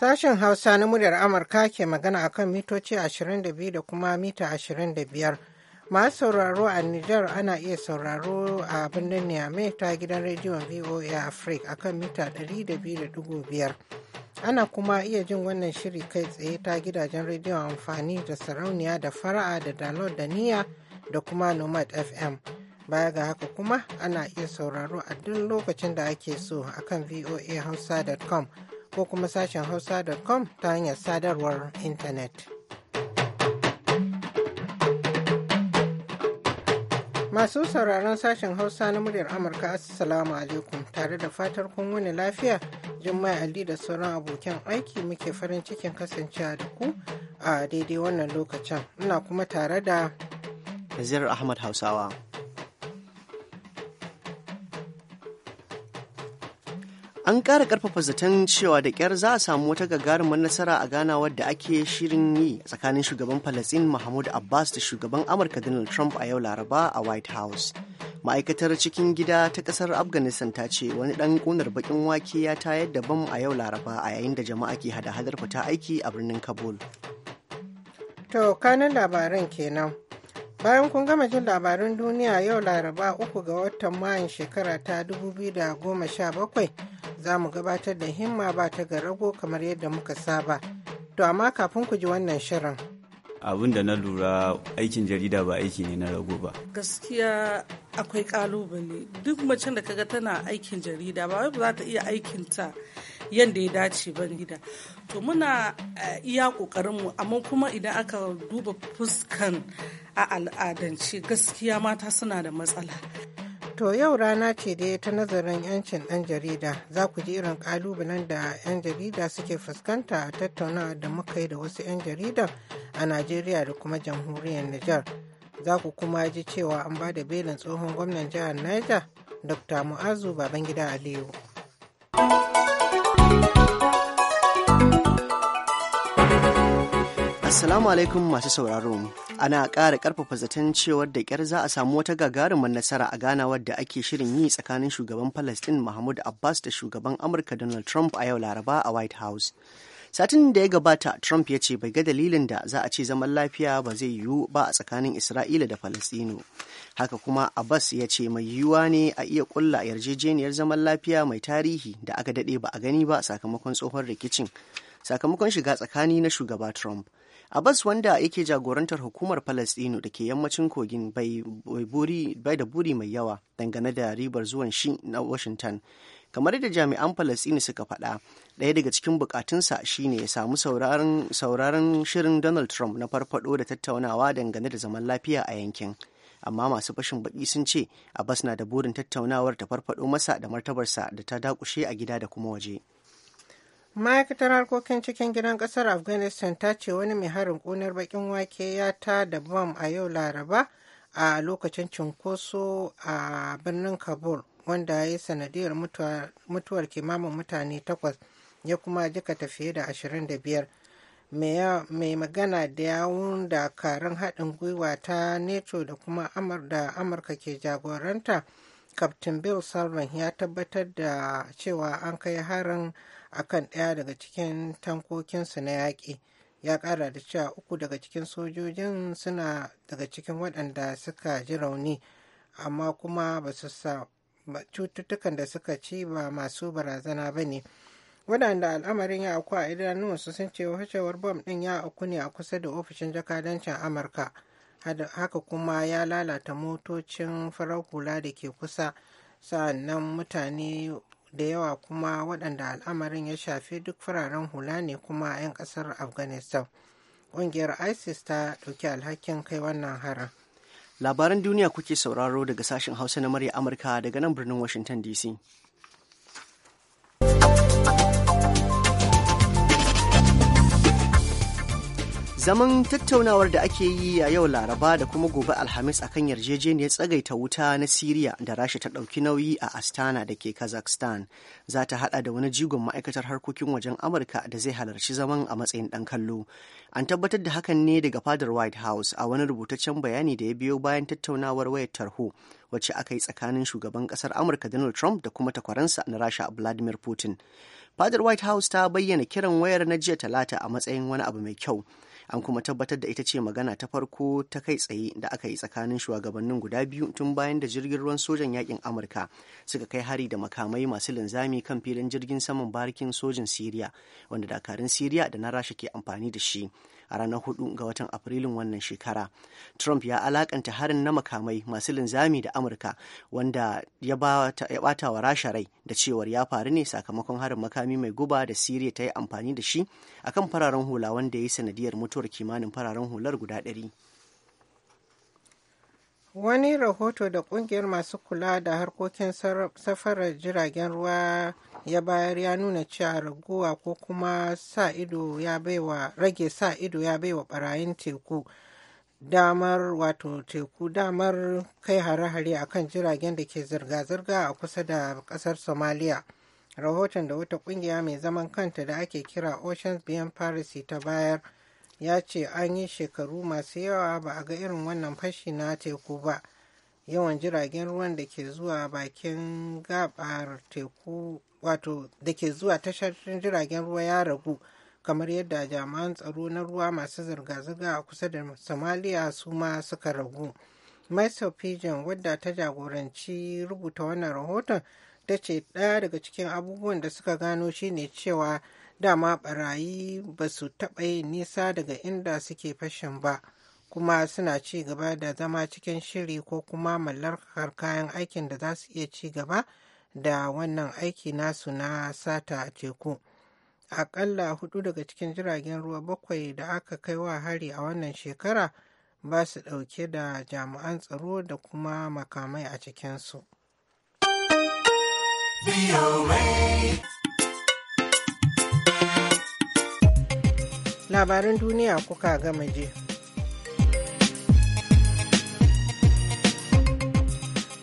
Sashen Hausa na muryar Amurka ke magana akan mitoci 22 da kuma mita 25. Masu sauraro a Nijar ana iya sauraro a birnin Niamey ta gidan rediyon VOA Africa akan mita 200.5. Ana kuma iya jin wannan shiri kai tsaye ta gidajen rediyon amfani da sarauniya da fara'a da download da Niya da kuma Nomad FM. Baya ga haka kuma ana iya sauraro a duk lokacin da ake so akan voahausa.com. ko kuma sashen hausa.com ta hanyar sadarwar intanet. Masu sauraron sashen Hausa na muryar Amurka Assalamu alaikum tare da fatar kun wani lafiya Jummai Ali da sauran abokan aiki muke farin cikin kasancewa da ku a daidai wannan lokacin. Ina kuma tare da Nazir Ahmad Hausawa. an ƙara ƙarfafa zaton cewa da ƙyar za a samu wata gagarumar nasara a ganawar da ake shirin yi tsakanin shugaban falastin mahmud abbas da shugaban amurka donald trump a yau laraba a white house ma'aikatar cikin gida ta kasar afghanistan ta ce wani ɗan ƙunar baƙin wake ya tayar da bam a yau laraba a yayin da jama'a ke hada-hadar fita aiki a birnin kabul to kanan labaran kenan Bayan kun gama jin labarin duniya yau Laraba uku ga watan Mayun shekara ta 2017 za mu gabatar da himma ba ta ga rago kamar yadda muka saba. To amma kafin ku ji wannan shirin. Abin da na lura aikin jarida ba aiki ne na rago ba. Gaskiya akwai kalubale duk macen da kaga tana aikin jarida ba wai ba za ta iya aikinta yadda ya dace ba gida to muna eh, iya ƙoƙarinmu amma kuma idan aka duba fuskan a al'adance gaskiya mata suna da matsala To yau rana ce dai ta nazarin 'yancin ɗan jarida za ku ji irin ƙalubalen da 'yan jarida suke fuskanta a tattaunawa da muka yi da wasu 'yan jarida a Najeriya da kuma jamhuriyar Nijar. Za ku kuma ji cewa an ba da belin tsohon gwamnan jihar Niger, Dr. Mu'azu Babangida Aliyu. Assalamu alaikum masu sauraro. Ana ƙara ƙarfafa zaton cewar da ƙyar za a samu wata gagarumar nasara a ganawar da ake shirin yi tsakanin shugaban Palestine Mahmud Abbas da shugaban Amurka Donald Trump a yau Laraba a White House. Satin da ya gabata, Trump ya ce bai ga dalilin da za a ce zaman lafiya ba zai yiwu ba a tsakanin Isra'ila da Falastinu. Haka kuma Abbas ya ce mai yiwuwa ne a iya ƙulla yarjejeniyar zaman lafiya mai tarihi da aka daɗe ba a gani ba sakamakon tsohon rikicin. Sakamakon shiga tsakani na shugaba Trump. Abbas wanda yake jagorantar hukumar Falasɗinu da ke yammacin kogin bai da buri mai yawa dangane da ribar zuwan shi na Washington. Kamar da jami'an falastinu suka faɗa, ɗaya daga cikin bukatunsa shine ya samu sauraron shirin Donald Trump na farfaɗo da tattaunawa dangane da zaman lafiya a yankin. amma masu fashin baki sun ce Abbas na da burin tattaunawar ta farfaɗo masa da martabarsa da ta dakushe a gida da kuma waje. ma'aikatar harkokin cikin gidan kasar afghanistan ta ce wani mai harin kunar bakin wake ya ta da bam a yau laraba a lokacin cunkoso a birnin kabul wanda ya yi sanadiyar mutuwar kimamin mutane takwas ya kuma jikata fiye da 25 mai magana da yawun dakarun haɗin gwiwa ta neto da kuma da amurka ke jagoranta kaftin bill salvin ya tabbatar da cewa an kai harin akan ɗaya daga cikin tankokinsu na yaƙi ya kara da cewa uku daga cikin sojojin suna daga cikin waɗanda suka ji rauni amma kuma ba su cututtukan da suka ci ba masu barazana ba ne waɗanda al'amarin ya auku a idanunsu sun ce wacewar bom ɗin ya auku ne a kusa da ofishin jakadancin amurka haka kuma ya lalata motocin farar hula da ke kusa sa'annan mutane da yawa kuma waɗanda al'amarin ya shafi duk fararen hula ne kuma 'yan ƙasar afghanistan ƙungiyar isis ta ɗauki alhakin kai wannan harin labaran duniya kuke sauraro daga sashen hausa na murya amurka daga nan birnin washington dc zaman tattaunawar da ake yi a yau laraba da kuma gobe alhamis a kan yarjejeniyar tsagaita wuta na siriya da rasha ta ɗauki nauyi a astana da ke kazakhstan za ta hada da wani jigon ma'aikatar harkokin wajen amurka da zai halarci zaman a matsayin ɗan kallo an tabbatar da hakan ne daga fadar white house a wani rubutaccen bayani da ya biyo bayan tattaunawar wayar tarho wacce aka yi tsakanin shugaban kasar amurka donald trump da kuma takwaransa na rasha vladimir putin fadar white house ta bayyana kiran wayar na jiya talata a matsayin wani abu mai kyau an kuma tabbatar da ita ce magana ta farko ta kai tsaye da aka yi tsakanin shugabannin guda biyu tun bayan da jirgin ruwan sojan yakin amurka suka kai hari da makamai masu linzami kan filin jirgin saman barikin sojin siriya wanda dakarun siriya da na rasha ke amfani da shi a ranar hudu ga watan Afrilun wannan shekara. Trump ya alakanta harin na makamai masu linzami da Amurka wanda ya bata wa Rasha rai da cewar ya faru ne sakamakon harin makami mai guba da Siriya ta yi amfani da shi akan fararen hula wanda ya yi sanadiyar mutuwar kimanin fararen hular guda ɗari. Wani rahoto da kungiyar masu kula da harkokin safarar jiragen ruwa ya bayar ya nuna cewa raguwa ko kuma sa ido ya baiwa rage sa ido ya baiwa barayin teku damar wato teku damar kai hare-hare a kan jiragen da ke zirga-zirga a kusa da kasar somalia rahoton da wata kungiya mai zaman kanta da ake kira oceans beyond Paris ta bayar ya ce an yi shekaru masu yawa ba a ga irin wannan fashi na teku ba yawan jiragen ruwan da ke zuwa bakin gabar teku wato da ke zuwa tashar jiragen ruwa ya ragu kamar yadda jami'an tsaro na ruwa masu zirga-zirga a kusa da somalia su ma suka ragu maisel pigeon wadda ta jagoranci rubuta wannan rahoton ta ce ɗaya daga cikin abubuwan da suka gano shine cewa dama barayi ba su taɓa yin nisa daga inda suke fashin ba. kuma suna ci gaba da zama cikin shiri ko kuma mallakar kayan aikin da za su iya ci gaba da wannan aiki nasu na sata a teku akalla hudu daga cikin jiragen ruwa bakwai da aka kai wa hari a wannan shekara ba su ɗauke da jami'an tsaro da kuma makamai a cikinsu. Labarin duniya kuka gama je.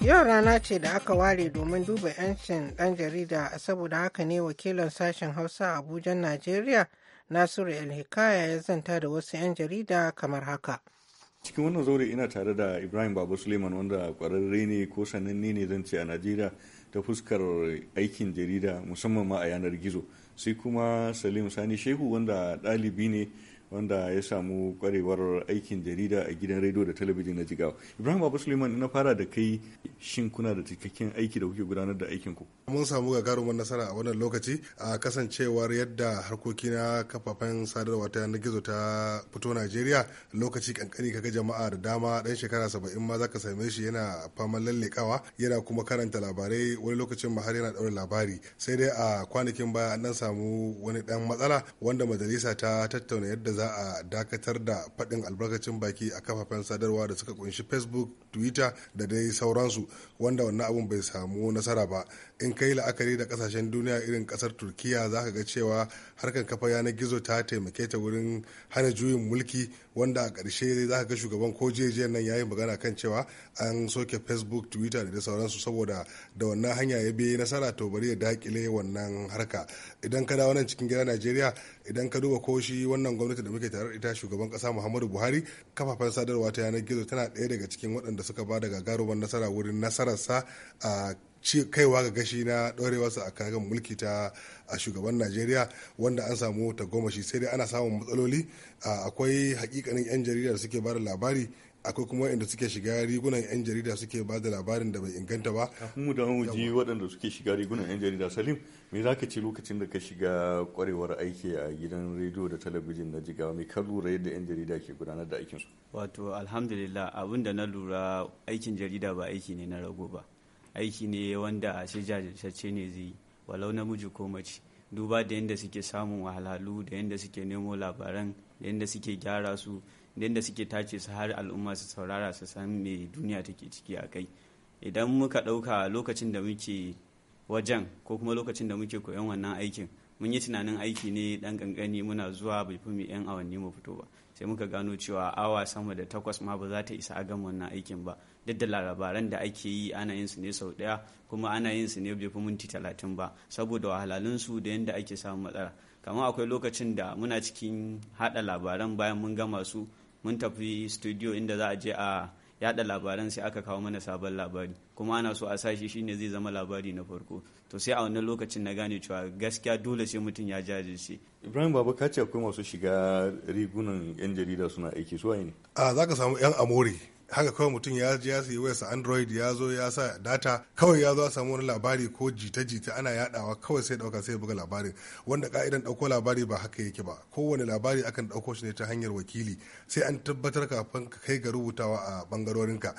Yau rana ce da aka ware domin duba 'yancin ɗan jarida saboda haka ne wakilin sashen Hausa a Abuja, Najeriya, Nasiru El-Hikaya ya zanta da wasu 'yan jarida kamar haka. Cikin wannan zaure ina tare da Ibrahim Babu Suleiman wanda kwararre ne ko sananne ne zan ce a Najeriya ta fuskar aikin jarida musamman ma a yanar gizo. Sai kuma Salim Sani Shehu wanda ɗalibi ne wanda ya samu kwarewar aikin jarida a gidan rediyo da talabijin na jigawa ibrahim abu suleiman na fara da kai shin kuna da cikakken aiki da kuke gudanar da aikin ku mun samu gagarumar nasara a wannan lokaci a kasancewar yadda harkoki na kafafen sadarwa ta yanar gizo ta fito najeriya lokaci kankani kaga jama'a da dama dan shekara saba'in ma zaka same shi yana faman lallekawa yana kuma karanta labarai wani lokacin ma har yana daura labari sai dai a kwanakin baya an samu wani dan matsala wanda majalisa ta tattauna yadda za a dakatar da faɗin albarkacin baki a kafafen sadarwa da suka kunshi facebook twitter da dai sauransu wanda wannan abun bai samu nasara ba in kai la'akari da kasashen duniya irin kasar turkiya za ka ga cewa harkar kafa yanar gizo ta taimake ta wurin hana juyin mulki wanda a ƙarshe za ka ga shugaban ko jejiyar nan yayi magana kan cewa an soke facebook twitter da sauransu saboda da wannan hanya ya biye nasara to bari ya dakile wannan harka idan ka dawo nan cikin gida najeriya idan ka duba ko shi wannan gwamnati da muke tare ita shugaban kasa muhammadu buhari kafafen sadarwa ta yanar gizo tana ɗaya daga cikin waɗanda suka ba da gagarumar nasara wurin nasararsa a ci kaiwa ga gashi na ɗorewarsa a kagan mulki ta a shugaban najeriya wanda an samu tagomashi sai dai ana samun matsaloli akwai hakikanin 'yan jarida da suke bada labari akwai kuma inda suke shiga rigunan 'yan jarida suke ba da labarin da bai inganta ba kafin mu da ji waɗanda suke shiga rigunan 'yan jarida salim me za ka ce lokacin da ka shiga kwarewar aiki a gidan rediyo da talabijin na jigawa mai ka lura yadda 'yan jarida ke gudanar da aikinsu wato alhamdulillah abin da na lura aikin jarida ba aiki ne na rago ba aiki ne wanda shi jajirtacce ne zai yi walau namiji ko mace duba da yadda suke samun wahalhalu da yadda suke nemo labaran da yadda suke gyara su da yadda suke tace su har al'umma su saurara su san me duniya take ciki a kai idan muka ɗauka lokacin da muke wajen ko kuma lokacin da muke koyon wannan aikin mun yi tunanin aiki ne dan kankani muna zuwa bai fi mu yan awanni mu fito ba sai muka gano cewa awa sama da takwas ma ba za ta isa a gama wannan aikin ba duk da labaran da ake yi ana yin su ne sau daya kuma ana yin su ne bai fi minti talatin ba saboda wahalhalun su da yadda ake samun matsala kamar akwai lokacin da muna cikin hada labaran bayan mun gama su mun tafi studio inda za a je a yada labaran sai aka kawo mana sabon labari kuma ana so a sashi shine zai zama labari na farko to sai a wannan lokacin na gane cewa gaskiya dole sai mutum ya jajirce ibrahim Babu ka ce akwai masu shiga rigunan yan jarida suna aiki su ne a za ka samu yan amori. haka kawai mutum ya je ya sayi wayarsa android ya zo ya sa data kawai ya zo a samu wani labari ko jita-jita ana yadawa kawai sai dauka sai buga labarin wanda ka'idan dauko labari ba haka yake ba kowane labari akan dauko shi ne ta hanyar wakili sai an tabbatar kafin ka kai ga rubutawa a bangarorinka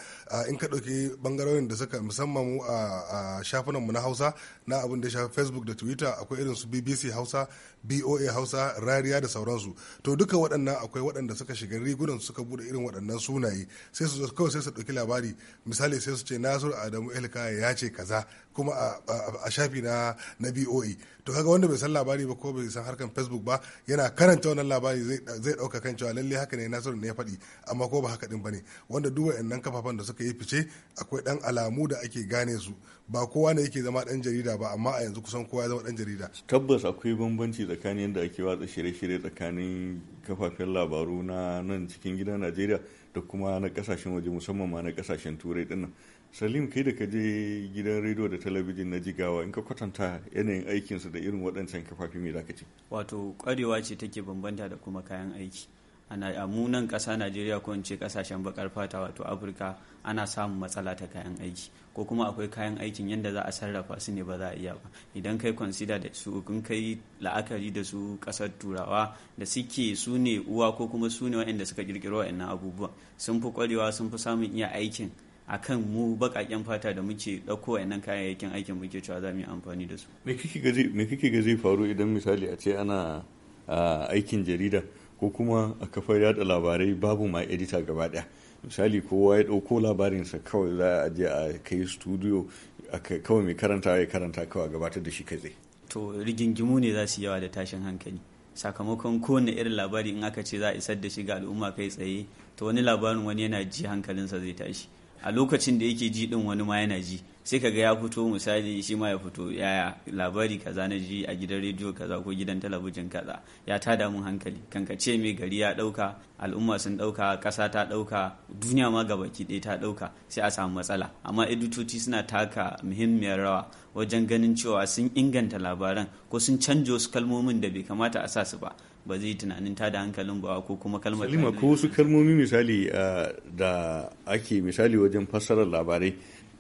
in ka dauki bangarorin da suka musamman mu a shafunan mu na Hausa na abin da ya shafi Facebook da Twitter akwai irin su BBC Hausa BOA Hausa Rariya da sauransu to duka waɗannan akwai waɗanda suka shiga rigunan suka bude irin waɗannan sunaye sai su su kawai sai su ɗauki labari misali sai su ce nasiru adamu el'ka ya ce kaza kuma a shafi na na boe to kaga wanda bai san labari ba ko bai san harkan facebook ba yana karanta wannan labari zai ɗauka kan cewa lalle haka ne nasiru ne ya faɗi amma ko ba haka ɗin ba ne wanda duk wa'annan kafafen da suka yi fice akwai ɗan alamu da ake gane su ba kowa ne yake zama ɗan jarida ba amma a yanzu kusan kowa ya zama ɗan jarida tabbas akwai bambanci tsakanin yadda ake watsa shirye-shirye tsakanin kafafen labaru na nan cikin gidan najeriya da kuma na kasashen waje musamman ma na kasashen turai dinnan salim kai da ka je gidan rediyo da talabijin na jigawa in ka kwatanta yanayin aikinsu da irin waɗancan kafafi mai ka ce wato kwarewa ce take bambanta da kuma kayan aiki a munan ƙasa najeriya ko in ce ƙasashen bakar fata wato afirka ana samun matsala ta kayan aiki ko kuma akwai kayan aikin yadda za a sarrafa su ne ba za a iya ba idan kai consider da su kun kai la'akari da su ƙasar turawa da suke su ne uwa ko kuma su ne waɗanda suka ƙirƙiro waɗannan abubuwan sun fi ƙwarewa sun fi samun iya aikin akan mu baƙaƙen fata da muke ɗauko waɗannan kayayyakin aikin muke cewa za mu yi amfani da su me kike ga zai faru idan misali a ce ana aikin jarida ko kuma a kafar yada labarai babu ma edita gaba daya misali kowa ya ɗauko labarinsa kawai za a je a kai studio kawai mai karanta ya karanta kawai gabatar da shi kai tsaye to rigingimu ne za su yawa da tashin hankali sakamakon kowane irin labari in aka ce za a isar da shi ga al'umma kai tsaye to wani labarin wani yana ji hankalinsa zai tashi a lokacin da yake ji din wani ma yana ji sai kaga ya fito misali shi ma ya fito yaya labari kaza na ji a gidan rediyo kaza ko gidan talabijin kaza ya ta damu hankali kankace ce mai gari ya dauka al'umma sun dauka kasa ta dauka duniya ma gabaki ɗaya ta dauka sai a samu matsala amma editoci suna taka muhimmiyar rawa wajen ganin cewa sun inganta labaran ko sun canjo wasu kalmomin da bai kamata a sa su ba ba zai tunanin ta da hankalin ba ko kuma kalmar salima ko wasu kalmomi misali ah, da ake misali wajen fassarar labarai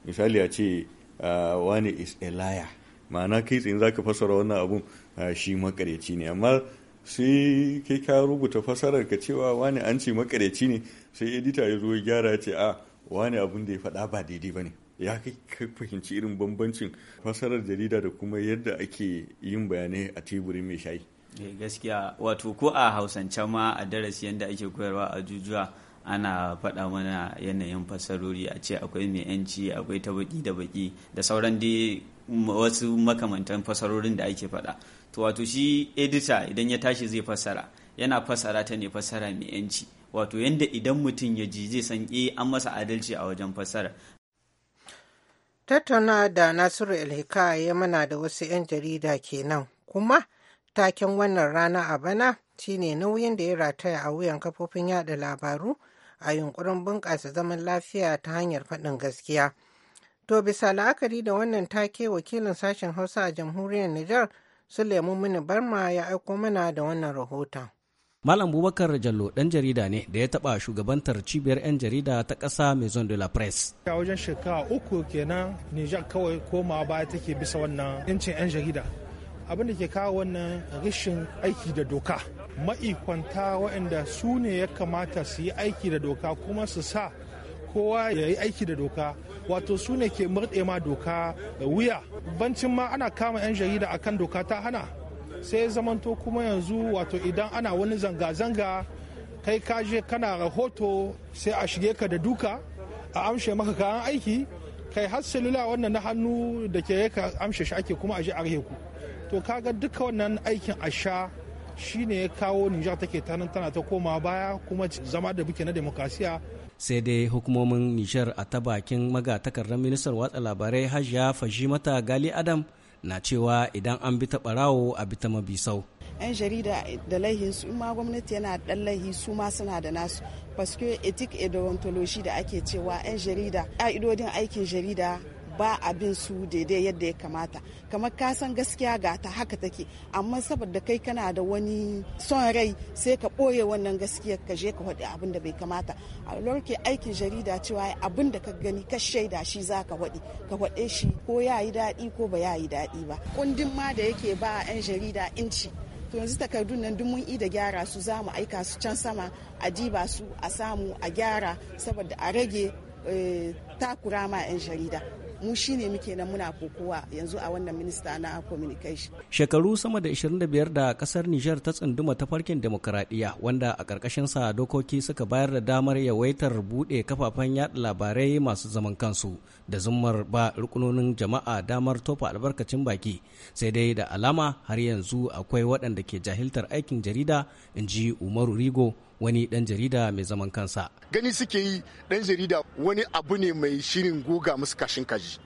misali a ce ah, wani is a liar ma'ana kai tsayin ka fasara wannan abun ah, shi makareci ne amma sai kai ka rubuta fasarar ka cewa wani an ce makareci ne sai edita ya zo gyara ce a ah, wani abun da ya faɗa ba daidai ba ne ya kai fahimci irin bambancin fasarar jarida da kuma yadda ake yin bayanai a teburin mai shayi eh, gaskiya wato ko a hausance ma a darasi yadda ake koyarwa a jujuwa ana faɗa mana yanayin fasarori a ce akwai mai yanci akwai ta baki da baki da sauran dai wasu makamantan fasarorin da ake faɗa to wato shi edita idan ya tashi zai fasara yana fasara ta ne fasara mai yanci wato yanda idan mutum ya ji zai san eh an masa adalci a wajen fasara. tattauna da nasiru alhika ya mana da wasu 'yan jarida kenan kuma taken wannan rana a bana shine nauyin da ya rataya a wuyan kafofin yada labaru a yunkurin bunƙasa zaman lafiya ta hanyar faɗin gaskiya. To bisa la'akari da wannan take wakilin sashen Hausa a jamhuriyar Nijar Suleiman Mini Barma ya aiko mana da wannan rahoton. Malam Bubakar Jallo ɗan jarida ne da ya taɓa shugabantar cibiyar 'yan jarida ta ƙasa Maison de la Presse. A wajen shekara uku kenan Nijar kawai koma baya take bisa wannan 'yancin 'yan jarida. Abin da ke kawo wannan rashin aiki da doka. ma'ikwanta waɗanda su ne ya kamata su yi aiki da doka kuma su sa kowa ya yi aiki da doka wato su ne ke murɗe ma doka wuya bancin ma ana kama 'yan jarida akan doka ta hana sai zamanto kuma yanzu wato idan ana wani zanga-zanga kai ka je kana rahoto sai a shige ka da duka a amshe maka kayan aiki kai har salula wannan na hannu da ke amshe shi ake kuma a je a ku to kaga duka wannan aikin a sha shi ne ya kawo Nijar take ta nan tana ta koma baya kuma zama da buke na demokrasiya sai dai hukumomin Nijar a ta bakin magatakardar ministan watsa labarai Hajiya mata Gali Adam na cewa idan an bi ta barawo a bi ta mabisau. 'yan jarida da laihin su ma gwamnati yana dan laihi su ma suna da nasu paske etik e da ake cewa 'yan jarida ka'idodin aikin jarida ba abin su daidai yadda ya kamata kamar ka san gaskiya ga ta haka take amma saboda kai kana da wani son rai sai ka ɓoye wannan gaskiya ka je ka faɗi abin da bai kamata a lorke aikin jarida cewa abin da ka gani ka shaida shi za ka faɗi ka faɗe shi ko ya yi daɗi ko ba ya yi daɗi ba kundin ma da yake ba 'yan jarida inci to yanzu takardun nan duk mun da gyara su za mu aika su can sama a diba su a samu a gyara saboda a rage eh, takura ma 'yan jarida mu shine muke nan muna kokowa yanzu a wannan minista na communication shekaru sama da 25 da kasar Nijar ta tsunduma ta farkin demokradiyya wanda a karkashin sa dokoki suka bayar da damar yawaitar bude kafafen yada labarai masu zaman kansu da zummar ba rukunonin jama'a damar tofa albarkacin baki sai dai da alama har yanzu akwai waɗanda ke jahiltar aikin jarida in ji Umaru Rigo wani dan jarida mai zaman kansa gani suke yi dan jarida wani abu ne mai shirin goga musu kashin kaji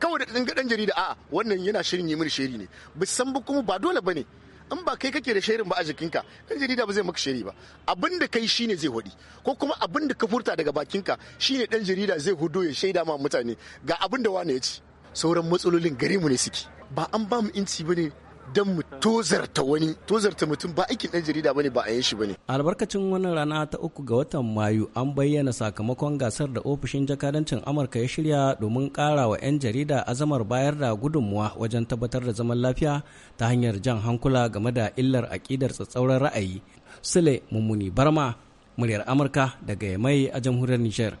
kawai da dan jarida a wannan yana shirin yi mini shiri ne san ba kuma ba dole bane in ba kai kake da shirin ba a jikinka dan jarida ba zai maka shiri ba abin da kai shine zai hudi ko kuma abin da ka furta daga bakinka shine dan jarida zai hudo ya shaida ma mutane ga abin da wani ya ci sauran matsalolin gare mu ne suke ba an ba mu inci bane don mu tozarta wani tozarta mutum ba aikin ɗan jarida bane ba a yin shi bane albarkacin wannan rana ta uku ga watan mayu an bayyana sakamakon gasar da ofishin jakadancin amurka ya shirya domin ƙara wa 'yan jarida azamar bayar da gudunmuwa wajen tabbatar da zaman lafiya ta hanyar jan hankula game da illar aƙidar tsatsauran ra'ayi sule mummuni barma muryar amurka daga yamai a jamhuriyar nijar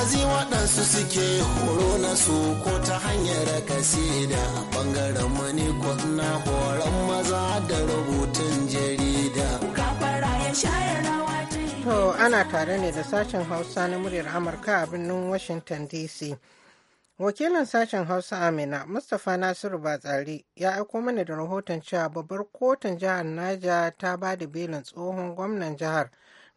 kazi waɗansu suke horo na su ko ta hanyar kasida ɓangaren mani ko na horon maza da rubutun jarida to ana tare ne da sashen hausa na muryar amurka a birnin washington dc wakilin sashen hausa amina mustapha nasiru batsari ya aiko mana da rahoton cewa babbar kotun jihar naja ta ba da belin tsohon gwamnan jihar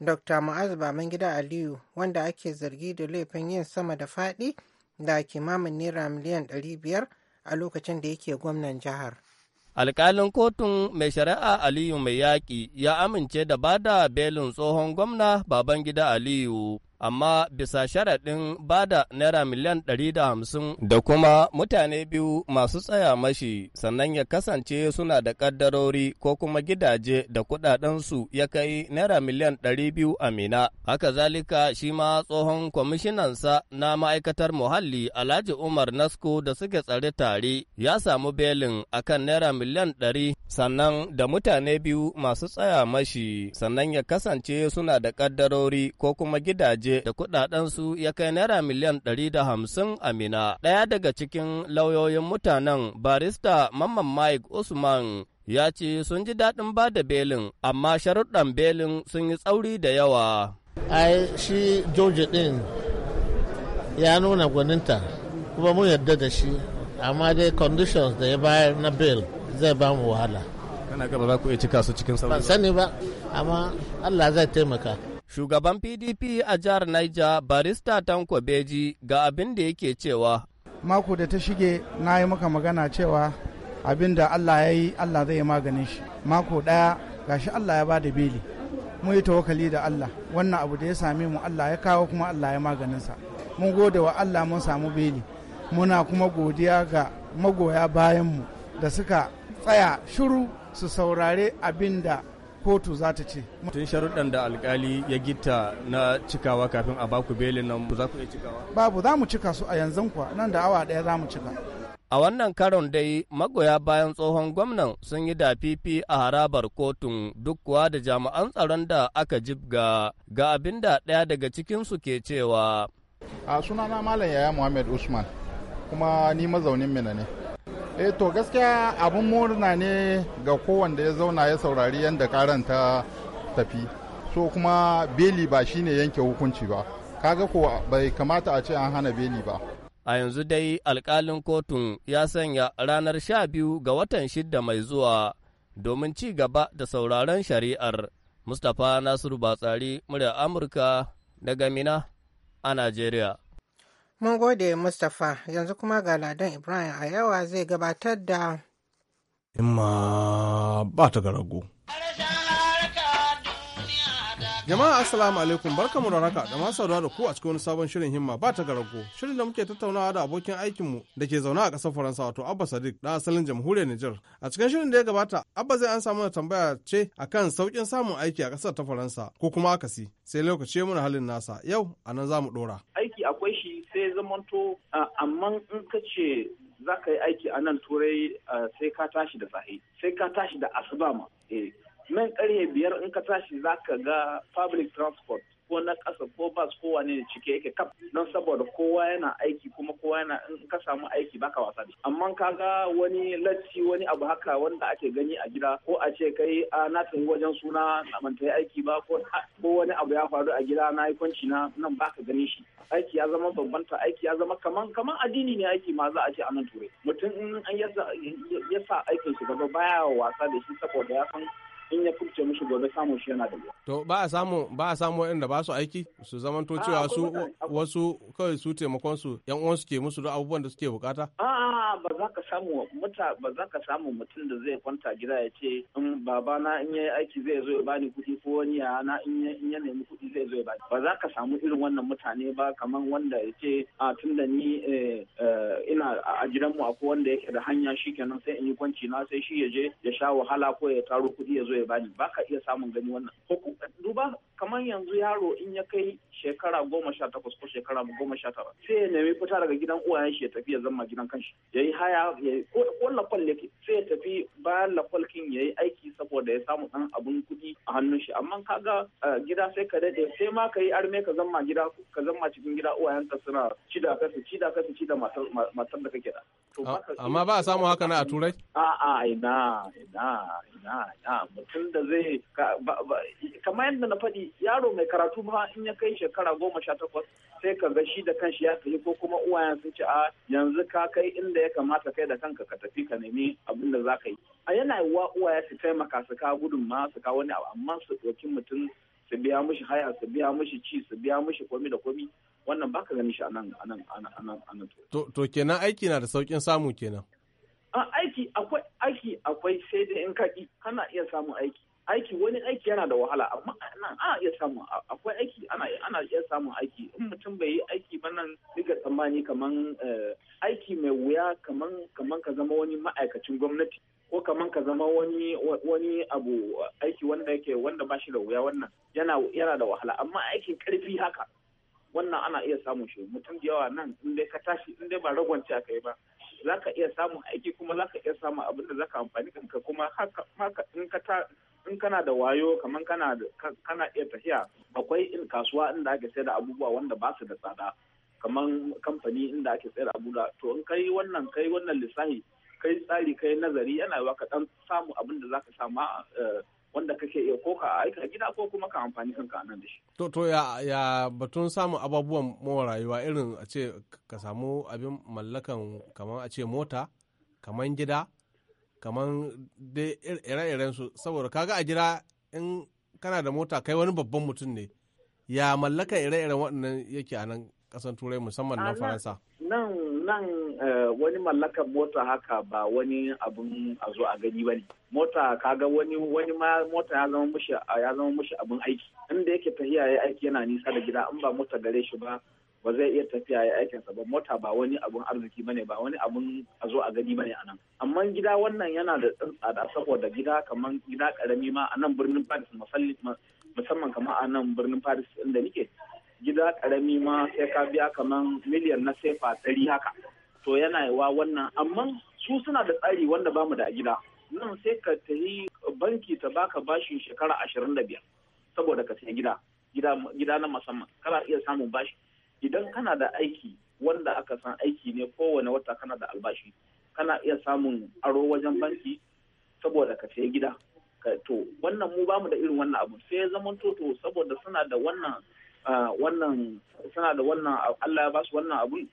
dr mu'az gida aliyu wanda ake zargi da laifin yin sama da faɗi da kimamin naira miliyan 500 a lokacin da yake gwamnan jihar alƙalin kotun mai shari'a aliyu mai yaƙi ya amince da bada belin tsohon gwamna babangida aliyu amma bisa sharaɗin ba da naira miliyan ɗari da hamsin da kuma mutane biyu masu tsaya mashi sannan ya kasance suna da ƙaddarori ko kuma gidaje da kuɗaɗensu ya kai naira miliyan ɗari biyu a mina. Haka zalika shi ma tsohon kwamishinansa na ma'aikatar muhalli Alhaji Umar Nasko da suke tsare tare ya samu belin akan naira miliyan ɗari sannan da mutane biyu masu tsaya mashi sannan ya kasance suna da ƙaddarori ko kuma gidaje waje da su ya kai naira miliyan ɗari da hamsin a Mina. Ɗaya daga cikin lauyoyin mutanen barista Mamman Mike Usman ya ce sun ji daɗin ba da belin amma sharuɗan belin sun yi tsauri da yawa. Ai shi George ɗin ya nuna gwaninta kuma mun yarda da shi amma dai conditions da ya bayar na bail zai ba mu wahala. Kana gaba za ku iya cika su cikin sauri. Ban sani ba amma Allah zai taimaka. Shugaban PDP a jihar Niger barista Tanko Beji ga abin da yake cewa. Mako da ta shige na yi maka magana cewa abin da Allah ya yi Allah zai maganin shi. Mako ɗaya gashi Allah ya ba da beli. Mu yi tawakali da Allah wannan abu da ya sami mu Allah ya kawo kuma Allah ya maganinsa. Mun gode wa Allah mun samu beli. Muna kuma godiya ga magoya bayanmu da suka tsaya shiru su saurare abin da kotu za ta ce. Tun sharuɗan da alkali ya gita na cikawa kafin a baku belin nan za ku iya cikawa? Babu za mu cika su a yanzu kuwa nan da awa ɗaya za mu cika. A wannan karon dai magoya bayan tsohon gwamnan sun yi dafifi a harabar kotun duk kuwa da jami'an tsaron da aka jibga ga abin da ɗaya daga cikinsu ke cewa. A sunana Malam Yaya Muhammad Usman kuma ni mazaunin Mina ne. e to gaskiya abin murna ne ga kowanda ya zauna ya saurari yadda karan ta tafi so kuma beli ba shine yanke hukunci ba kaga ko bai kamata a ce an hana beli ba a yanzu dai alkalin kotun ya sanya ranar sha biyu ga watan shidda mai zuwa domin ci gaba da sauraron shari'ar mustapha nasiru batsari murya amurka daga mina a najeriya Mun gode Mustapha yanzu kuma ga Ladan Ibrahim a yawa zai gabatar da. Imma ba ta garago. Jama'a assalamu alaikum barkamu da raka da masu da ku a cikin wani sabon shirin himma ba ta garago shirin da muke tattaunawa da abokin aikin mu da ke zaune a ƙasar Faransa wato Abba Sadiq da asalin jamhuriyar Nijar. A cikin shirin da ya gabata Abba zai an samu da tambaya ce a kan sauƙin samun aiki a ƙasar ta Faransa ko kuma akasi sai lokaci ya muna halin nasa yau a nan za mu ɗora. Aiki akwai shi sai zamanto amma in ka ce za ka yi aiki a nan turai sai ka tashi da sahi sai ka tashi da asuba ma eh, nan karye biyar in ka tashi za ka ga public transport ko na kasa ko bas ko wane cike yake kaf don saboda kowa yana aiki kuma kowa yana in ka samu aiki baka wasa da amma ka ga wani lacci wani abu haka wanda ake gani a gida ko a ce kai a na wajen suna na manta aiki ba ko wani abu ya faru a gida na yi kwanci na nan baka gani shi aiki ya zama bambanta aiki ya zama kaman kaman addini ne aiki ma za a ce a nan turai mutum in an ya sa aikin shi gaba baya wasa da shi saboda ya san in ya furce musu gobe samun shi yana da to ba a samu ba a samu waɗanda ba su aiki su zamanto cewa su wasu kawai su taimakon su yan uwan su ke musu da abubuwan da suke bukata a ba za ka samu muta ba za ka samu mutum da zai kwanta gida ya ce in baba na in yayi aiki zai zo ya bani kuɗi ko wani ya na in ya nemi kuɗi zai zo ya bani ba za ka samu irin wannan mutane ba kamar wanda ya ce a tunda ni eh, eh, ina a gidanmu akwai wanda yake da hanya shikenan sai in yi kwanci na sai shi ya je ya sha wahala ko ya taro kuɗi ya zo ya ya bani ba ka iya samun gani wannan duba kamar yanzu yaro in ya kai shekara goma sha takwas ko shekara goma sha tara sai ya nemi fita daga gidan uwayen shi ya tafi ya zama gidan kanshi ya yi haya ya ko lafal yake sai ya tafi bayan lafalkin ya yi aiki saboda ya samu ɗan abun kuɗi a hannun shi amma ka ga gida sai ka daɗe sai ma ka yi arme ka zama gida ka zama cikin gida uwayen ka suna cida ka ci cida ka ci cida matar da kake da Amma ba a samu haka na a turai? A'a ina ina ina ina mutum da zai kamar yadda na faɗi yaro mai karatu ba in ya kai shekara goma sha takwas sai ka ga shi da kanshi ya tafi ko kuma uwayen sun ce a yanzu ka kai inda ya kamata kai da kanka ka tafi ka nemi abin da za ka yi. A yana yiwuwa uwaye su taimaka su kawo gudunma su kawo wani abu amma su ɗauki mutum su biya mishi haya su biya mishi ci su biya mishi komi da komi wannan ba ka gani shi a nan anan anan to to kenan aiki na da saukin samu kenan a aiki akwai aiki akwai sai dai in ka kana iya samun aiki aiki wani aiki yana da wahala amma nan ana iya samu akwai aiki ana ana iya samun aiki in hmm. mutum bai yi aiki ba nan diga tsammani kaman eh, aiki mai wuya kaman kaman ka zama wani ma'aikacin gwamnati ko kaman ka zama wani wani abu aiki wanda yake wanda ba shi da wuya wannan yana yana da wahala amma aikin karfi haka wannan ana iya samun shi mutum da yawa nan in dai ka tashi in dai ba ragwance aka yi ba za ka iya samun aiki kuma za ka iya samun abin da za ka amfani kanka kuma haka in ka ta. in kana da wayo kamar kana iya tafiya akwai kasuwa inda ake sayar da abubuwa wanda ba su da tsada kamar kamfani inda ake sayar da abubuwa to in kai wannan kai wannan lissafi kai tsari kai nazari yana yi ka dan samu abin da zaka samu eh, wanda kake iya ko ka aika gida ko kuma ka amfani kanka a nan da shi. To to ya batun samun abubuwan more rayuwa irin a ce ka samu abin mallakan kamar a ce mota kamar gida kamar dai ire-iren su saboda kaga a jira in kana da mota kai wani babban mutum ne ya mallaka ire-iren waɗannan yake a nan ƙasan turai musamman na faransa nan nan eh, wani mallaka mota haka ba wani abun a zo a gani bane mota kaga wani wani ma mota ya zama mushi ya abun aiki inda yake tafiya ya aiki yana nisa da gida in ba mota gare shi ba ba zai iya tafiya ya aikinsa ba mota ba wani abun arziki ba ne ba wani abun a zo a gani ba ne a amma gida wannan yana da tsada saboda gida kamar gida karami ma a nan birnin paris musamman kamar a nan birnin paris inda nike gida karami ma sai ka biya kamar miliyan na sefa ɗari haka to yana yawa wannan amma su suna da tsari wanda bamu da a gida nan sai ka tafi banki ta baka bashin shekara ashirin da biyar saboda ka sai gida gida na musamman kana iya samun bashi idan kana da aiki wanda aka san aiki ne kowane wata kana da albashi kana iya samun aro wajen banki saboda ka sayi gida to wannan mu bamu da irin wannan abu sai ya zama toto saboda suna da wannan wannan suna da wannan Allah ya ba su wannan abun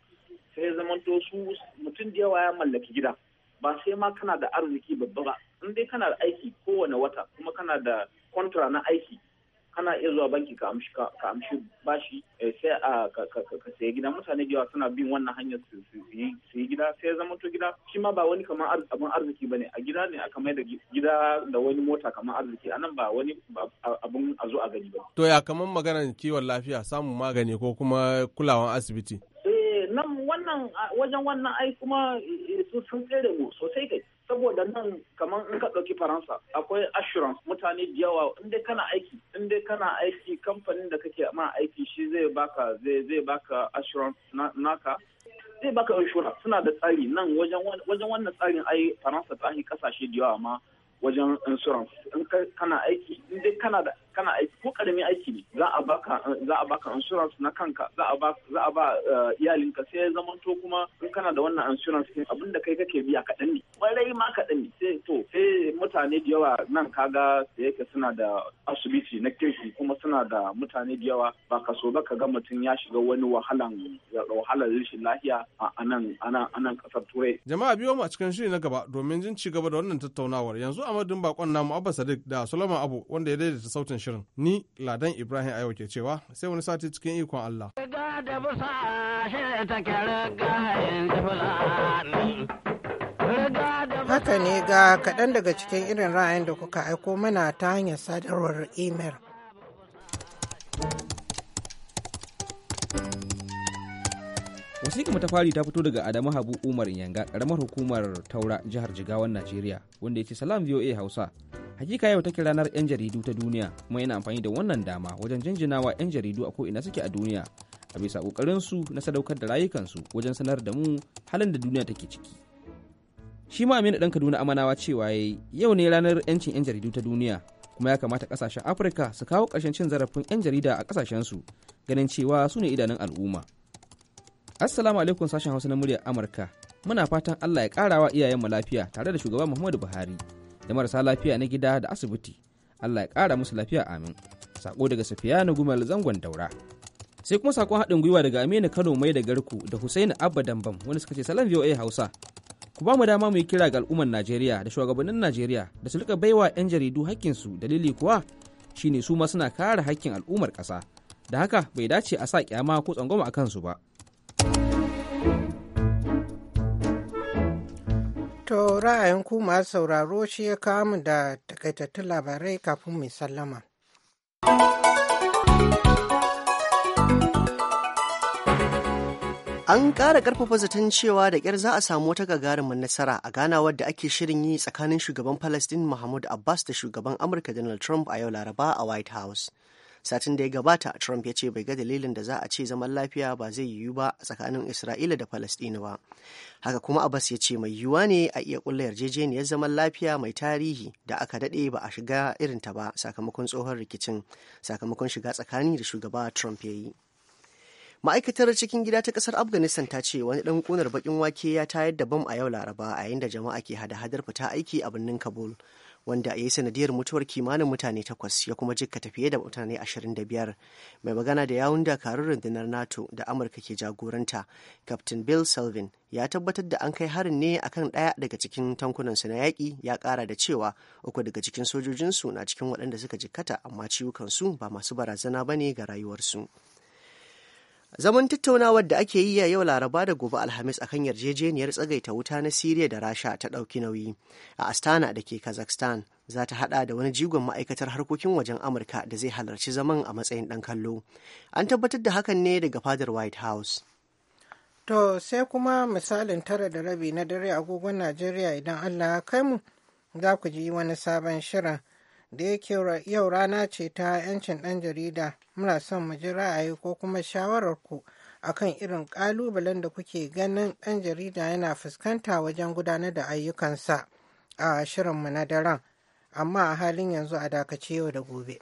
sai ya zama to su mutum da yawa ya mallaki gida ba sai ma kana da arziki babba ba in dai kana da aiki kowane wata kuma kana da kontra na aiki ana iya zuwa banki ka amshi bashi eh, sai a ka sayi gida mutane da yawa suna bin wannan hanyar su yi gida sai ya zama to gida shi ma ba wani kamar abin arziki bane a gida ne aka mai da gida da wani mota kamar arziki a nan ba wani abin a zo a gani ba to ya kamar maganar kiwon lafiya samun magani ko kuma kulawan asibiti eh, nan wannan wajen wannan ai kuma eh, sun tsere mu sosai kai saboda nan kamar in ka ɗauki faransa akwai assurance mutane da yawa inda kana aiki inda kana aiki kamfanin da kake ma aiki shi zai baka zai zai baka assurance naka zai baka insurance suna da tsari nan wajen wannan tsarin ai faransa ta ahi kasashe da yawa ma wajen insurance in kana aiki in dai kana da kana aiki ko karamin aiki ne za a baka za a baka insurance na kanka za a ba za a ba eh, iyalinka sai ya zamanto kuma in kana da wannan insurance din da kai kake biya kaɗan ne kwarai ma kaɗan ne sai to sai mutane da yawa nan kaga da yake suna da asibiti na kirki kuma suna da mutane da yawa ba ka so ba ka ga mutum ya shiga wani wahalan wahalar rashin lafiya a nan a nan kasar turai jama'a biyo mu a cikin shiri na gaba domin jin ci gaba da wannan tattaunawar yanzu amadin bakon namu abba sadiq da sulaiman abu wanda ya daidaita sautin shirin ni ladan ibrahim ayo ke cewa sai wani sati cikin ikon allah haka ne ga kaɗan daga cikin irin ra'ayin da kuka aiko mana ta hanyar sadarwar imel. wasiƙa ta fari ta fito daga adamu habu umar yanga ƙaramar hukumar taura jihar jigawan najeriya wanda ya ce salam voa hausa hakika yau take ranar 'yan jaridu ta duniya kuma yana amfani da wannan dama wajen jinjinawa 'yan jaridu a ko'ina suke a duniya a bisa ƙoƙarinsu na sadaukar da rayukansu wajen sanar da mu halin da duniya take ciki shi ma aminu ɗan kaduna amanawa cewa yau ne ranar 'yancin 'yan jaridu ta duniya kuma ya kamata kasashen afirka su kawo ƙarshen cin zarafin 'yan jarida a ƙasashensu ganin cewa su ne idanun al'umma Assalamu alaikum sashen Hausa na muryar Amurka. Muna fatan Allah ya karawa iyayenmu lafiya tare da shugaban Muhammadu Buhari da marasa lafiya na gida da asibiti. Allah ya kara musu lafiya amin. Sako daga Safiyanu Gumal zangon Daura. Sai kuma sakon haɗin gwiwa daga Aminu Kano mai da Garku da Hussein Abba Dambam wani suka ce salam VOA Hausa. Ku ba mu dama mu yi kira ga al'ummar Najeriya da shugabannin Najeriya da su rika baiwa 'yan jaridu su dalili kuwa shine su ma suna kare hakkin al'ummar ƙasa. Da haka bai dace a sa kyama ko tsangwama a kansu ba. To ra'ayin ku masu sauraro shi ya kawo da takaitattun labarai kafin mu sallama. An ƙara ƙarfafa zaton cewa da ƙyar za a samu wata gagarumin nasara a ganawar da ake shirin yi tsakanin shugaban Falasɗin Mahmud Abbas da shugaban Amurka Donald Trump a yau Laraba a White House. satin da ya gabata trump ya ce bai ga dalilin da za a ce zaman lafiya ba zai yiwu ba a tsakanin isra'ila da palestina ba haka kuma abbas ya ce mai yiwuwa ne a iya kulla yarjejeniyar zaman lafiya mai tarihi da aka daɗe ba a shiga ta ba sakamakon tsohon rikicin sakamakon shiga tsakani da shugaba trump ya yi ma'aikatar cikin gida ta kasar afghanistan ta ce wani dan kunar bakin wake ya tayar da bam a yau laraba a yayin da jama'a ke hada-hadar fita aiki a birnin kabul wanda ya yi sanadiyar mutuwar kimanin mutane takwas ya kuma jikkata fiye da mutane 25 mai magana da yawun dakarun rundunar nato da amurka ke jagoranta captain bill selvin ya tabbatar da an kai harin ne a kan ɗaya daga cikin tankunansu na yaƙi ya kara da cewa uku daga cikin sojojinsu na cikin waɗanda suka jikkata amma ciwukansu ba masu barazana ba ne ga rayuwarsu. zaman tattaunawar da ake yi a yau laraba da gobe alhamis a kan yarjejeniyar tsagaita wuta na siriya da rasha ta ɗauki nauyi a astana da ke kazakhstan za ta hada da wani jigon ma'aikatar harkokin wajen amurka da zai halarci zaman a matsayin ɗan kallo an tabbatar da hakan ne daga fadar white house to sai kuma misalin tara da rabi na dare agogon najeriya idan allah ya kai mu za ku ji wani sabon shirin da yake yau rana ce ta 'yancin ɗan jarida muna son mu ji ra'ayi ko kuma shawarar ku akan irin ƙalubalen da kuke ganin ɗan jarida yana fuskanta wajen gudanar da ayyukansa a shirinmu na daren amma a halin yanzu a dakace yau da gobe.